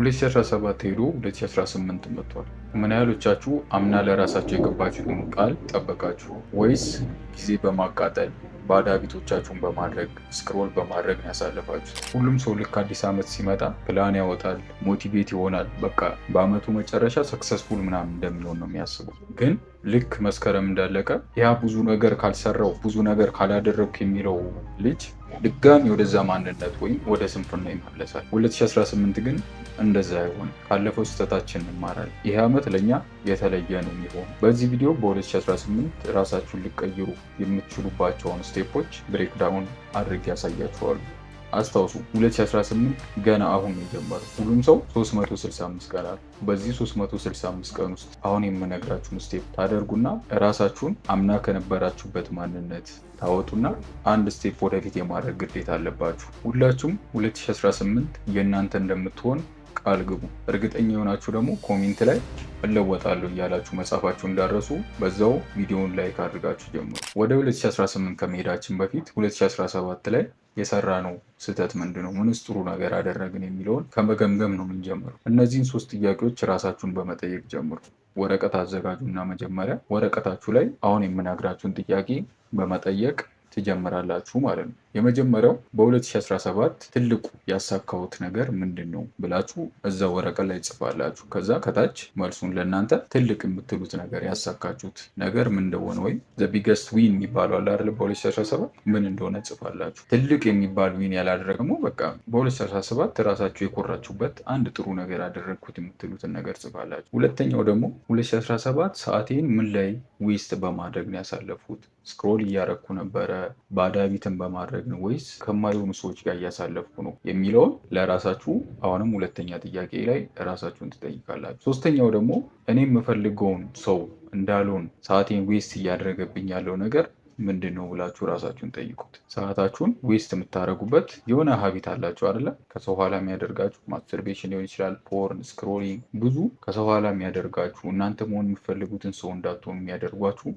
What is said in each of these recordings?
2017 ሄዶ 2018 መጥቷል። ምን ያህሎቻችሁ አምና ለራሳቸው የገባችሁትን ቃል ጠበቃችሁ ወይስ ጊዜ በማቃጠል ባዳ ቤቶቻችሁን በማድረግ ስክሮል በማድረግ ያሳልፋችሁ ሁሉም ሰው ልክ አዲስ ዓመት ሲመጣ ፕላን ያወጣል፣ ሞቲቬት ይሆናል። በቃ በአመቱ መጨረሻ ሰክሰስፉል ምናምን እንደሚሆን ነው የሚያስቡ። ግን ልክ መስከረም እንዳለቀ ያ ብዙ ነገር ካልሰራው ብዙ ነገር ካላደረግኩ የሚለው ልጅ ድጋሚ ወደዛ ማንነት ወይም ወደ ስንፍና ይመለሳል። 2018 ግን እንደዛ አይሆን። ካለፈው ስህተታችን እንማራል። ይህ ዓመት ለእኛ የተለየ ነው የሚሆኑ። በዚህ ቪዲዮ በ2018 ራሳችሁን ልቀይሩ የምትችሉባቸውን ስቴፖች ብሬክዳውን አድርግ ያሳያችኋሉ። አስታውሱ 2018 ገና አሁን የጀመረ ሁሉም ሰው 365 ቀን አለ። በዚህ 365 ቀን ውስጥ አሁን የምነግራችሁን ስቴፕ ታደርጉና እራሳችሁን አምና ከነበራችሁበት ማንነት ታወጡና አንድ ስቴፕ ወደፊት የማድረግ ግዴታ አለባችሁ። ሁላችሁም 2018 የእናንተ እንደምትሆን ቃል ግቡ። እርግጠኛ የሆናችሁ ደግሞ ኮሜንት ላይ እለወጣለሁ እያላችሁ መጻፋችሁ እንዳረሱ በዛው ቪዲዮውን ላይክ አድርጋችሁ ጀምሩ። ወደ 2018 ከመሄዳችን በፊት 2017 ላይ የሰራነው ስህተት ምንድን ነው? ምንስ ጥሩ ነገር አደረግን የሚለውን ከመገምገም ነው የምንጀምረው። እነዚህን ሶስት ጥያቄዎች ራሳችሁን በመጠየቅ ጀምሩ። ወረቀት አዘጋጁና መጀመሪያ ወረቀታችሁ ላይ አሁን የምናግራችሁን ጥያቄ በመጠየቅ ትጀምራላችሁ ማለት ነው። የመጀመሪያው በ2017 ትልቁ ያሳካሁት ነገር ምንድን ነው ብላችሁ እዛ ወረቀት ላይ ጽፋላችሁ። ከዛ ከታች መልሱን ለእናንተ ትልቅ የምትሉት ነገር ያሳካችሁት ነገር ምን እንደሆነ ወይም ዘ ቢገስት ዊን የሚባለው አለ አይደል በ2017 ምን እንደሆነ ጽፋላችሁ። ትልቅ የሚባል ዊን ያላደረግነው በቃ በ2017 ራሳችሁ የኮራችሁበት አንድ ጥሩ ነገር ያደረግኩት የምትሉትን ነገር ጽፋላችሁ። ሁለተኛው ደግሞ 2017 ሰዓቴን ምን ላይ ዌስት በማድረግ ነው ያሳለፉት ስክሮል እያረግኩ ነበረ በአዳቢትን በማድረግ ነው ወይስ ከማይሆኑ ሰዎች ጋር እያሳለፍኩ ነው የሚለውን ለራሳችሁ አሁንም ሁለተኛ ጥያቄ ላይ ራሳችሁን ትጠይቃላችሁ። ሶስተኛው ደግሞ እኔ የምፈልገውን ሰው እንዳልሆን ሰዓቴን ዌስት እያደረገብኝ ያለው ነገር ምንድን ነው ብላችሁ ራሳችሁን ጠይቁት። ሰዓታችሁን ዌስት የምታደረጉበት የሆነ ሀቢት አላችሁ አይደለ? ከሰው ኋላ የሚያደርጋችሁ ማስተርቤሽን ሊሆን ይችላል፣ ፖርን፣ ስክሮሊንግ፣ ብዙ ከሰው ኋላ የሚያደርጋችሁ እናንተ መሆን የምትፈልጉትን ሰው እንዳትሆኑ የሚያደርጓችሁ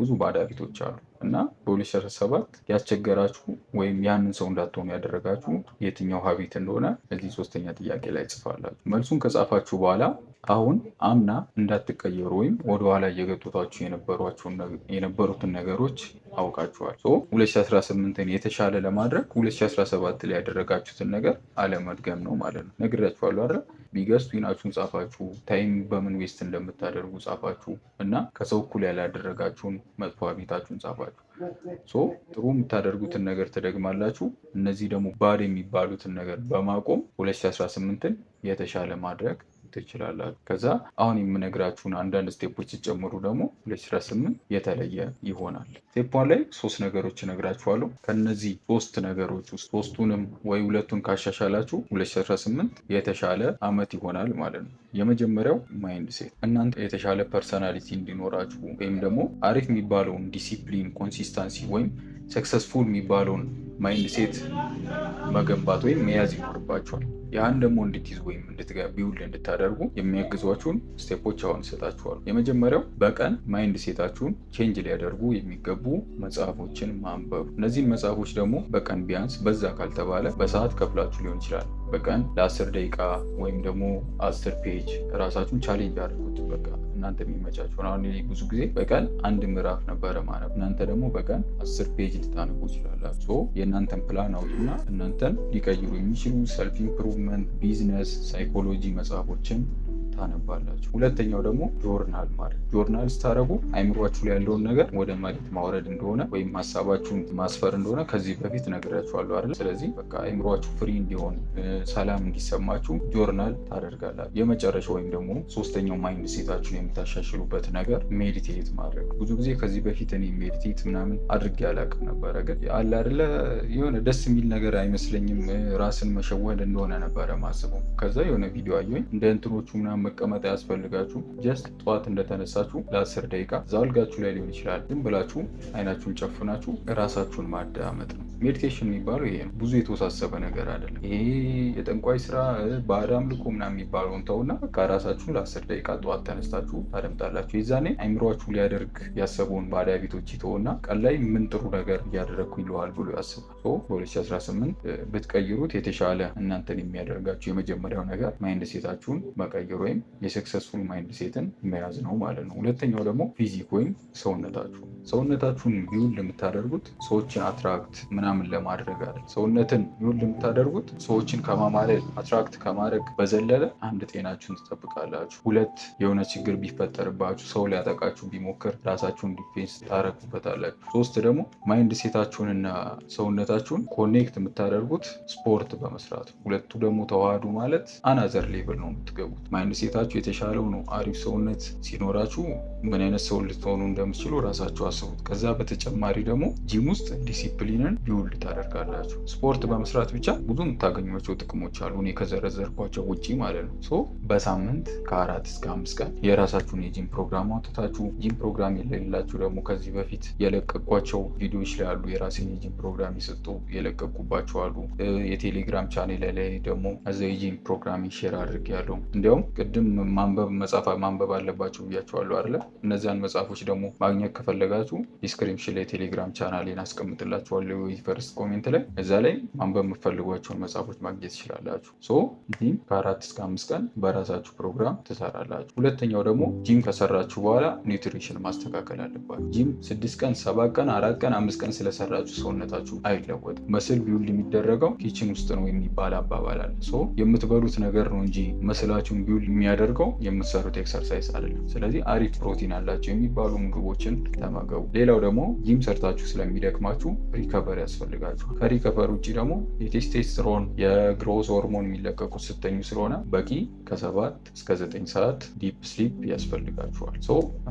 ብዙ ባዳ ቤቶች አሉ እና በ2017 ያስቸገራችሁ ወይም ያንን ሰው እንዳትሆኑ ያደረጋችሁ የትኛው ሀቢት እንደሆነ እዚህ ሶስተኛ ጥያቄ ላይ ጽፋላችሁ። መልሱን ከጻፋችሁ በኋላ አሁን አምና እንዳትቀየሩ ወይም ወደኋላ እየገጡታችሁ የነበሩትን ነገሮች አውቃችኋል። 2018ን የተሻለ ለማድረግ 2017 ላይ ያደረጋችሁትን ነገር አለመድገም ነው ማለት ነው። ነግሬያችኋለሁ አይደል? ቢገስት ዊናችሁን ጻፋችሁ፣ ታይም በምን ዌስት እንደምታደርጉ ጻፋችሁ እና ከሰው እኩል ያላደረጋችሁን መጥፎ ቤታችሁን ጻፋችሁ። ሶ ጥሩ የምታደርጉትን ነገር ትደግማላችሁ። እነዚህ ደግሞ ባድ የሚባሉትን ነገር በማቆም 2018ን የተሻለ ማድረግ ትችላላችሁ። ከዛ አሁን የምነግራችሁን አንዳንድ ስቴፖች ሲጨምሩ ደግሞ 2018 የተለየ ይሆናል። ስቴፕ ላይ ሶስት ነገሮች እነግራችኋለሁ። ከነዚህ ሶስት ነገሮች ውስጥ ሶስቱንም ወይ ሁለቱን ካሻሻላችሁ 2018 የተሻለ አመት ይሆናል ማለት ነው። የመጀመሪያው ማይንድ ሴት፣ እናንተ የተሻለ ፐርሰናሊቲ እንዲኖራችሁ ወይም ደግሞ አሪፍ የሚባለውን ዲሲፕሊን፣ ኮንሲስተንሲ ወይም ሰክሰስፉል የሚባለውን ማይንድ ሴት መገንባት ወይም መያዝ ይኖርባቸዋል። ያን ደግሞ እንድትይዝ ወይም ቢውልድ እንድታደርጉ የሚያግዟችሁን ስቴፖች አሁን ይሰጣችኋል። የመጀመሪያው በቀን ማይንድ ሴታችሁን ቼንጅ ሊያደርጉ የሚገቡ መጽሐፎችን ማንበብ። እነዚህን መጽሐፎች ደግሞ በቀን ቢያንስ በዛ ካልተባለ በሰዓት ከፍላችሁ ሊሆን ይችላል። በቀን ለአስር ደቂቃ ወይም ደግሞ አስር ፔጅ ራሳችሁን ቻሌንጅ አድርጉት በቃ እናንተ የሚመቻችሁን። አሁን ብዙ ጊዜ በቀን አንድ ምዕራፍ ነበረ ማለት፣ እናንተ ደግሞ በቀን አስር ፔጅ ልታነቡ ትችላላችሁ። የእናንተን ፕላን አውጡና እናንተን ሊቀይሩ የሚችሉ ሰልፍ ኢምፕሩቭመንት፣ ቢዝነስ፣ ሳይኮሎጂ መጽሐፎችን ታነባላችሁ። ሁለተኛው ደግሞ ጆርናል ማለት ጆርናል ስታረጉ አይምሯችሁ ላይ ያለውን ነገር ወደ መሬት ማውረድ እንደሆነ ወይም ሀሳባችሁን ማስፈር እንደሆነ ከዚህ በፊት ነግራችኋለሁ አይደል? ስለዚህ በቃ አይምሯችሁ ፍሪ እንዲሆን ሰላም እንዲሰማችሁ ጆርናል ታደርጋላችሁ። የመጨረሻ ወይም ደግሞ ሶስተኛው ማይንድ ሴታችሁን የምታሻሽሉበት ነገር ሜዲቴት ማድረግ። ብዙ ጊዜ ከዚህ በፊት እኔ ሜዲቴት ምናምን አድርጌ አላውቅም ነበረ፣ ግን አለ አይደለ የሆነ ደስ የሚል ነገር አይመስለኝም ራስን መሸወድ እንደሆነ ነበረ ማስበው። ከዛ የሆነ ቪዲዮ አየሁኝ እንደ እንትኖቹ ምናምን መቀመጥ ያስፈልጋችሁ ጀስት ጠዋት እንደተነሳችሁ ለአስር ደቂቃ እዛው አልጋችሁ ላይ ሊሆን ይችላል ዝም ብላችሁ አይናችሁን ጨፍናችሁ ራሳችሁን ማዳመጥ ነው። ሜዲቴሽን የሚባለው ይሄ ነው። ብዙ የተወሳሰበ ነገር አይደለም። ይሄ የጠንቋይ ስራ ባዕድ አምልኮ ምናምን የሚባለውን ተውና ከራሳችሁ ራሳችሁ ለአስር ደቂቃ ጠዋት ተነስታችሁ ታደምጣላችሁ። የዛኔ አይምሯችሁ ሊያደርግ ያሰበውን ባዕድ ቤቶች ይተውና ቀን ላይ ምን ጥሩ ነገር እያደረግኩ ይለዋል ብሎ ያስባል። በ2018 ብትቀይሩት የተሻለ እናንተን የሚያደርጋችሁ የመጀመሪያው ነገር ማይንድ ሴታችሁን መቀየር ወይም የሰክሰስፉል ማይንድ ሴትን መያዝ ነው ማለት ነው። ሁለተኛው ደግሞ ፊዚክ ወይም ሰውነታችሁ ሰውነታችሁን ቢውል የምታደርጉት ሰዎችን አትራክት ምና ምናምን ለማድረግ አለ። ሰውነትን ይሁን የምታደርጉት ሰዎችን ከማማለል አትራክት ከማድረግ በዘለለ አንድ ጤናችሁን ትጠብቃላችሁ፣ ሁለት የሆነ ችግር ቢፈጠርባችሁ ሰው ሊያጠቃችሁ ቢሞክር ራሳችሁን ዲፌንስ ታረጉበታላችሁ፣ ሶስት ደግሞ ማይንድ ሴታችሁንና ሰውነታችሁን ኮኔክት የምታደርጉት ስፖርት በመስራት ሁለቱ ደግሞ ተዋህዱ ማለት አናዘር ሌቭል ነው የምትገቡት። ማይንድ ሴታችሁ የተሻለው ነው። አሪፍ ሰውነት ሲኖራችሁ ምን አይነት ሰው ልትሆኑ እንደምትችሉ ራሳችሁ አስቡት። ከዛ በተጨማሪ ደግሞ ጂም ውስጥ ዲሲፕሊንን እንዲውል ታደርጋላችሁ። ስፖርት በመስራት ብቻ ብዙ የምታገኟቸው ጥቅሞች አሉ፣ እኔ ከዘረዘርኳቸው ውጪ ማለት ነው። ሶ በሳምንት ከአራት እስከ አምስት ቀን የራሳችሁን የጂም ፕሮግራም አውጥታችሁ ጂም ፕሮግራም የሌላችሁ ደግሞ ከዚህ በፊት የለቀቋቸው ቪዲዮዎች ላይ አሉ፣ የራሴን የጂም ፕሮግራም የሰጡ የለቀቁባቸው አሉ። የቴሌግራም ቻኔል ላይ ደግሞ እዛ የጂም ፕሮግራም ሼር አድርግ ያለው እንዲያውም ቅድም ማንበብ መጻፍ ማንበብ አለባቸው ብያቸዋለሁ አለ። እነዚያን መጽሐፎች ደግሞ ማግኘት ከፈለጋችሁ ዲስክሪፕሽን ላይ ቴሌግራም ቻናሌን አስቀምጥላችኋለሁ። ፈርስት ኮሜንት ላይ እዛ ላይ ማንበብ የምፈልጓቸውን መጽሐፎች ማግኘት ትችላላችሁ። ሶ ጂም ከአራት እስከ አምስት ቀን በራሳችሁ ፕሮግራም ትሰራላችሁ። ሁለተኛው ደግሞ ጂም ከሰራችሁ በኋላ ኒውትሪሽን ማስተካከል አለባችሁ። ጂም ስድስት ቀን፣ ሰባት ቀን፣ አራት ቀን፣ አምስት ቀን ስለሰራችሁ ሰውነታችሁ አይለወጥም። መስል ቢውልድ የሚደረገው ኪችን ውስጥ ነው የሚባል አባባል አለ። ሶ የምትበሉት ነገር ነው እንጂ መስላችሁን ቢውልድ የሚያደርገው የምትሰሩት ኤክሰርሳይዝ አይደለም። ስለዚህ አሪፍ ፕሮቲን አላቸው የሚባሉ ምግቦችን ተመገቡ። ሌላው ደግሞ ጂም ሰርታችሁ ስለሚደክማችሁ ሪከቨር ያስ ከሪ ከሪከቨር ውጭ ደግሞ የቴስቴስትሮን የግሮዝ ሆርሞን የሚለቀቁት ስተኙ ስለሆነ በቂ ከሰባት እስከ ዘጠኝ ሰዓት ዲፕ ስሊፕ ያስፈልጋችኋል።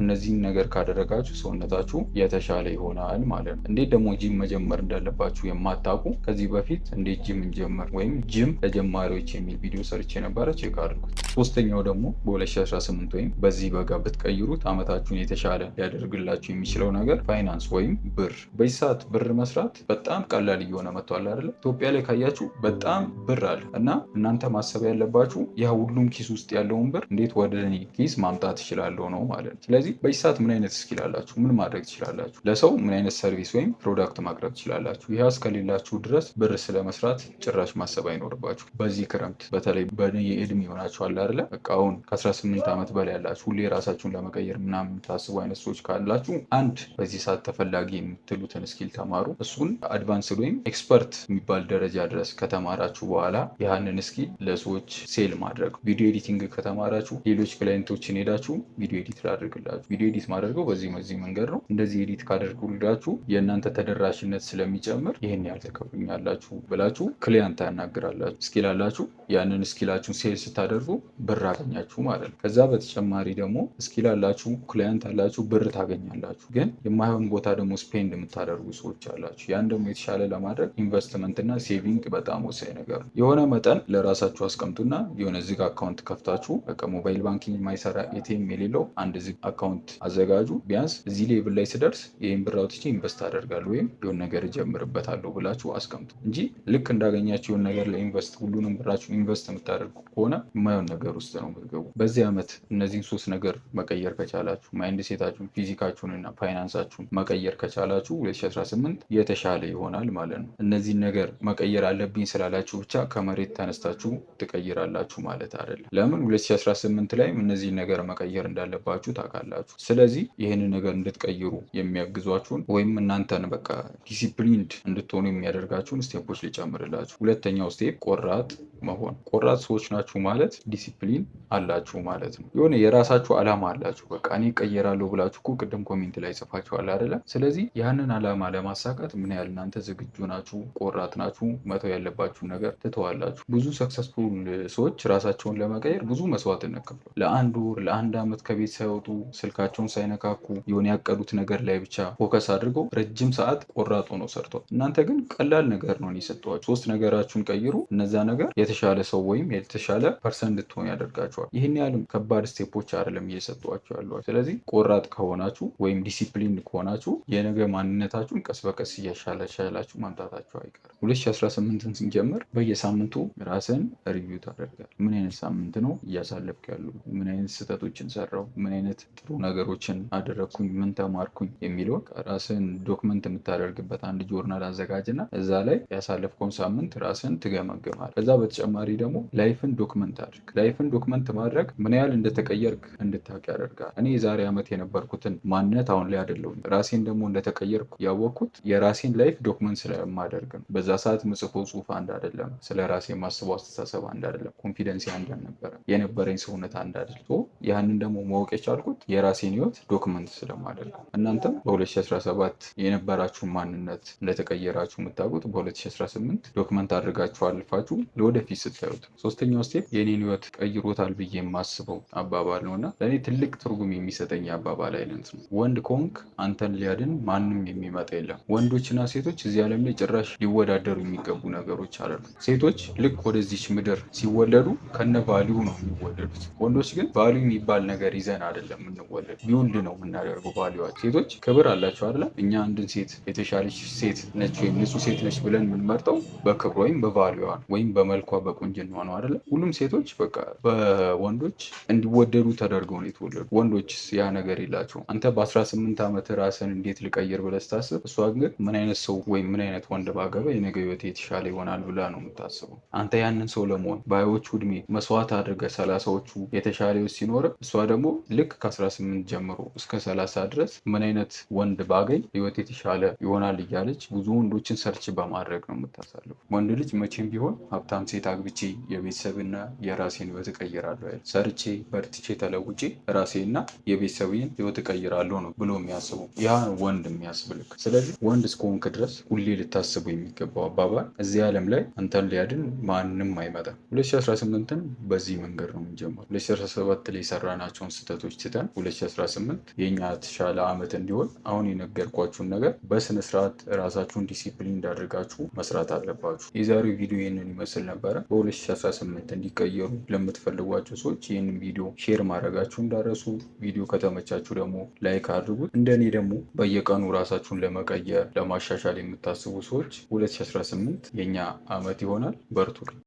እነዚህን ነገር ካደረጋችሁ ሰውነታችሁ የተሻለ ይሆናል ማለት ነው። እንዴት ደግሞ ጂም መጀመር እንዳለባችሁ የማታውቁ ከዚህ በፊት እንዴት ጂም እንጀምር ወይም ጂም ለጀማሪዎች የሚል ቪዲዮ ሰርቼ ነበረ፣ ቼክ አድርጉት። ሶስተኛው ደግሞ በ2018 ወይም በዚህ በጋ ብትቀይሩት አመታችሁን የተሻለ ሊያደርግላችሁ የሚችለው ነገር ፋይናንስ ወይም ብር። በዚህ ሰዓት ብር መስራት በጣም በጣም ቀላል እየሆነ መጥቷል አይደለ? ኢትዮጵያ ላይ ካያችሁ በጣም ብር አለ እና እናንተ ማሰብ ያለባችሁ ያ ሁሉም ኪስ ውስጥ ያለውን ብር እንዴት ወደ እኔ ኪስ ማምጣት እችላለሁ ነው ማለት ነው። ስለዚህ በዚህ ሰዓት ምን አይነት ስኪል አላችሁ? ምን ማድረግ ትችላላችሁ? ለሰው ምን አይነት ሰርቪስ ወይም ፕሮዳክት ማቅረብ ትችላላችሁ? ይህ እስከሌላችሁ ድረስ ብር ስለመስራት ጭራሽ ማሰብ አይኖርባችሁ። በዚህ ክረምት በተለይ በእኔ እድሜ ይሆናችኋል አይደለ? በቃ አሁን ከ18 ዓመት በላይ ያላችሁ ሁሌ ራሳችሁን ለመቀየር ምናምን የምታስቡ አይነት ሰዎች ካላችሁ አንድ በዚህ ሰዓት ተፈላጊ የምትሉትን ስኪል ተማሩ። እሱን አድ አድቫንስድ ወይም ኤክስፐርት የሚባል ደረጃ ድረስ ከተማራችሁ በኋላ ያንን እስኪል ለሰዎች ሴል ማድረግ። ቪዲዮ ኤዲቲንግ ከተማራችሁ ሌሎች ክላይንቶችን ሄዳችሁ ቪዲዮ ኤዲት ላድርግላችሁ፣ ቪዲዮ ኤዲት ማድረገው በዚህ በዚህ መንገድ ነው፣ እንደዚህ ኤዲት ካደርጉላችሁ የእናንተ ተደራሽነት ስለሚጨምር ይህን ያህል ትከፍሉኛላችሁ ብላችሁ ክሊያንት ያናግራላችሁ። እስኪል አላችሁ፣ ያንን እስኪላችሁን ሴል ስታደርጉ ብር አገኛችሁ ማለት ነው። ከዛ በተጨማሪ ደግሞ ስኪል አላችሁ፣ ክላይንት አላችሁ፣ ብር ታገኛላችሁ። ግን የማይሆን ቦታ ደግሞ ስፔንድ የምታደርጉ ሰዎች አላችሁ። ያን ደግሞ የተሻለ ለማድረግ ኢንቨስትመንት እና ሴቪንግ በጣም ወሳኝ ነገር ነው። የሆነ መጠን ለራሳችሁ አስቀምጡና የሆነ ዝግ አካውንት ከፍታችሁ በቃ ሞባይል ባንኪንግ የማይሰራ ኤቲኤም የሌለው አንድ ዝግ አካውንት አዘጋጁ። ቢያንስ እዚህ ሌብል ላይ ስደርስ ይህን ብር አውጥቼ ኢንቨስት አደርጋለሁ ወይም የሆነ ነገር እጀምርበታለሁ ብላችሁ አስቀምጡ እንጂ ልክ እንዳገኛችሁ የሆነ ነገር ለኢንቨስት ሁሉንም ብራችሁ ኢንቨስት የምታደርጉ ከሆነ የማይሆን ነገር ውስጥ ነው የምትገቡ። በዚህ ዓመት እነዚህን ሶስት ነገር መቀየር ከቻላችሁ ማይንድ ሴታችሁን፣ ፊዚካችሁን እና ፋይናንሳችሁን መቀየር ከቻላችሁ 2018 የተሻለ ይሆናል ማለት ነው። እነዚህን ነገር መቀየር አለብኝ ስላላችሁ ብቻ ከመሬት ተነስታችሁ ትቀይራላችሁ ማለት አይደለም። ለምን 2018 ላይም እነዚህን ነገር መቀየር እንዳለባችሁ ታውቃላችሁ። ስለዚህ ይህንን ነገር እንድትቀይሩ የሚያግዟችሁን ወይም እናንተን በቃ ዲሲፕሊንድ እንድትሆኑ የሚያደርጋችሁን ስቴፖች ሊጨምርላችሁ። ሁለተኛው ስቴፕ ቆራጥ መሆን። ቆራጥ ሰዎች ናችሁ ማለት ዲሲፕሊን አላችሁ ማለት ነው። የሆነ የራሳችሁ አላማ አላችሁ። በቃ እኔ እቀየራለሁ ብላችሁ እኮ ቅድም ኮሜንት ላይ ጽፋችኋል አይደለም። ስለዚህ ያንን አላማ ለማሳካት ምን ያህል እናንተ ዝግጁ ናችሁ፣ ቆራጥ ናችሁ፣ መተው ያለባችሁን ነገር ትተዋላችሁ። ብዙ ሰክሰስፉል ሰዎች ራሳቸውን ለመቀየር ብዙ መስዋዕትነት ከፍሏል። ለአንድ ወር ለአንድ ዓመት ከቤት ሳይወጡ ስልካቸውን ሳይነካኩ የሆነ ያቀዱት ነገር ላይ ብቻ ፎከስ አድርገው ረጅም ሰዓት ቆራጦ ነው ሰርቷል። እናንተ ግን ቀላል ነገር ነው የሰጠዋችሁ። ሶስት ነገራችሁን ቀይሩ። እነዛ ነገር የተሻለ ሰው ወይም የተሻለ ፐርሰን እንድትሆኑ ያደርጋቸዋል። ይህን ያህልም ከባድ ስቴፖች አይደለም እየሰጠዋቸው ያለዋል። ስለዚህ ቆራጥ ከሆናችሁ ወይም ዲሲፕሊን ከሆናችሁ የነገ ማንነታችሁን ቀስ በቀስ እያሻለች እያሻሻላችሁ ማምጣታችሁ አይቀርም። 2018ን ስንጀምር በየሳምንቱ ራስን ሪቪው ታደርጋል። ምን አይነት ሳምንት ነው እያሳለፍክ ያሉ? ምን አይነት ስህተቶችን ሰራው? ምን አይነት ጥሩ ነገሮችን አደረግኩኝ? ምን ተማርኩኝ? የሚለው ራስን ዶክመንት የምታደርግበት አንድ ጆርናል አዘጋጅና እዛ ላይ ያሳለፍከውን ሳምንት ራስን ትገመግማል። ከዛ በተጨማሪ ደግሞ ላይፍን ዶክመንት አድርግ። ላይፍን ዶክመንት ማድረግ ምን ያህል እንደተቀየርክ እንድታውቅ ያደርጋል። እኔ የዛሬ ዓመት የነበርኩትን ማንነት አሁን ላይ አይደለሁም። ራሴን ደግሞ እንደተቀየርኩ ያወቅኩት የራሴን ላይፍ ዶክመንት ስለማደርግ ነው። በዛ ሰዓት ምጽፎ ጽሁፍ አንድ አይደለም፣ ስለ ራሴ የማስበው አስተሳሰብ አንድ አይደለም፣ ኮንፊደንስ አንድ አልነበረ፣ የነበረኝ ሰውነት አንድ አድልቶ ያንን ደግሞ ማወቅ የቻልኩት የራሴን ህይወት ዶክመንት ስለማደርግ። እናንተም በ2017 የነበራችሁን ማንነት እንደተቀየራችሁ የምታውቁት በ2018 ዶክመንት አድርጋችሁ አልፋችሁ ለወደፊት ስታዩት። ሶስተኛው ስቴፕ የኔን ህይወት ቀይሮታል ብዬ የማስበው አባባል ነው እና ለእኔ ትልቅ ትርጉም የሚሰጠኝ አባባል አይነት ነው። ወንድ ኮንክ አንተን ሊያድን ማንም የሚመጣ የለም። ወንዶችና ሴቶች ሴቶች እዚህ ዓለም ላይ ጭራሽ ሊወዳደሩ የሚገቡ ነገሮች አሉ። ሴቶች ልክ ወደዚች ምድር ሲወለዱ ከነ ቫሊዩ ነው የሚወለዱት። ወንዶች ግን ቫሊዩ የሚባል ነገር ይዘን አይደለም የምንወለድ፣ ቢውልድ ነው የምናደርገው ቫሊዩዋችን። ሴቶች ክብር አላቸው አይደለም። እኛ አንድን ሴት የተሻለች ሴት ነች ወይም ንጹህ ሴት ነች ብለን የምንመርጠው በክብሯ ወይም በቫሊዩዋ ወይም በመልኳ በቁንጅና ነው አይደለም። ሁሉም ሴቶች በቃ በወንዶች እንዲወደዱ ተደርገው ነው የተወለዱ። ወንዶችስ ያ ነገር የላቸውም። አንተ በ18 ዓመት ራስን እንዴት ልቀይር ብለህ ስታስብ እሷ ግን ምን አይነት ሰው ወይም ምን አይነት ወንድ ባገባ የነገ ህይወት የተሻለ ይሆናል ብላ ነው የምታስበው። አንተ ያንን ሰው ለመሆን በሀያዎቹ እድሜ መስዋዕት አድርገህ ሰላሳዎቹ የተሻለ ህይወት ሲኖር እሷ ደግሞ ልክ ከ18 ጀምሮ እስከ 30 ድረስ ምን አይነት ወንድ ባገኝ ህይወት የተሻለ ይሆናል እያለች ብዙ ወንዶችን ሰርች በማድረግ ነው የምታሳልፈው። ወንድ ልጅ መቼም ቢሆን ሀብታም ሴት አግብቼ የቤተሰብና የራሴን ህይወት እቀይራለሁ አይደል፣ ሰርቼ በርትቼ ተለውጬ ራሴና የቤተሰብን ህይወት እቀይራለሁ ነው ብሎ የሚያስቡ ያ ወንድ የሚያስብልክ። ስለዚህ ወንድ እስከሆንክ ድረስ ሁሌ ልታስቡ የሚገባው አባባል እዚህ ዓለም ላይ አንተን ሊያድን ማንም አይመጣም። 2018ን በዚህ መንገድ ነው የምንጀምረው። 2017 ላይ የሰራናቸውን ስህተቶች ትተን 2018 የኛ የተሻለ ዓመት እንዲሆን አሁን የነገርኳችሁን ነገር በስነ ስርዓት ራሳችሁን ዲሲፕሊን እንዳደርጋችሁ መስራት አለባችሁ። የዛሬው ቪዲዮ ይህንን ይመስል ነበረ። በ2018 እንዲቀየሩ ለምትፈልጓቸው ሰዎች ይህንን ቪዲዮ ሼር ማድረጋችሁ እንዳረሱ። ቪዲዮ ከተመቻችሁ ደግሞ ላይክ አድርጉት። እንደኔ ደግሞ በየቀኑ ራሳችሁን ለመቀየር ለማሻሻል የምታስቡ ሰዎች 2018 የእኛ አመት ይሆናል። በርቱ።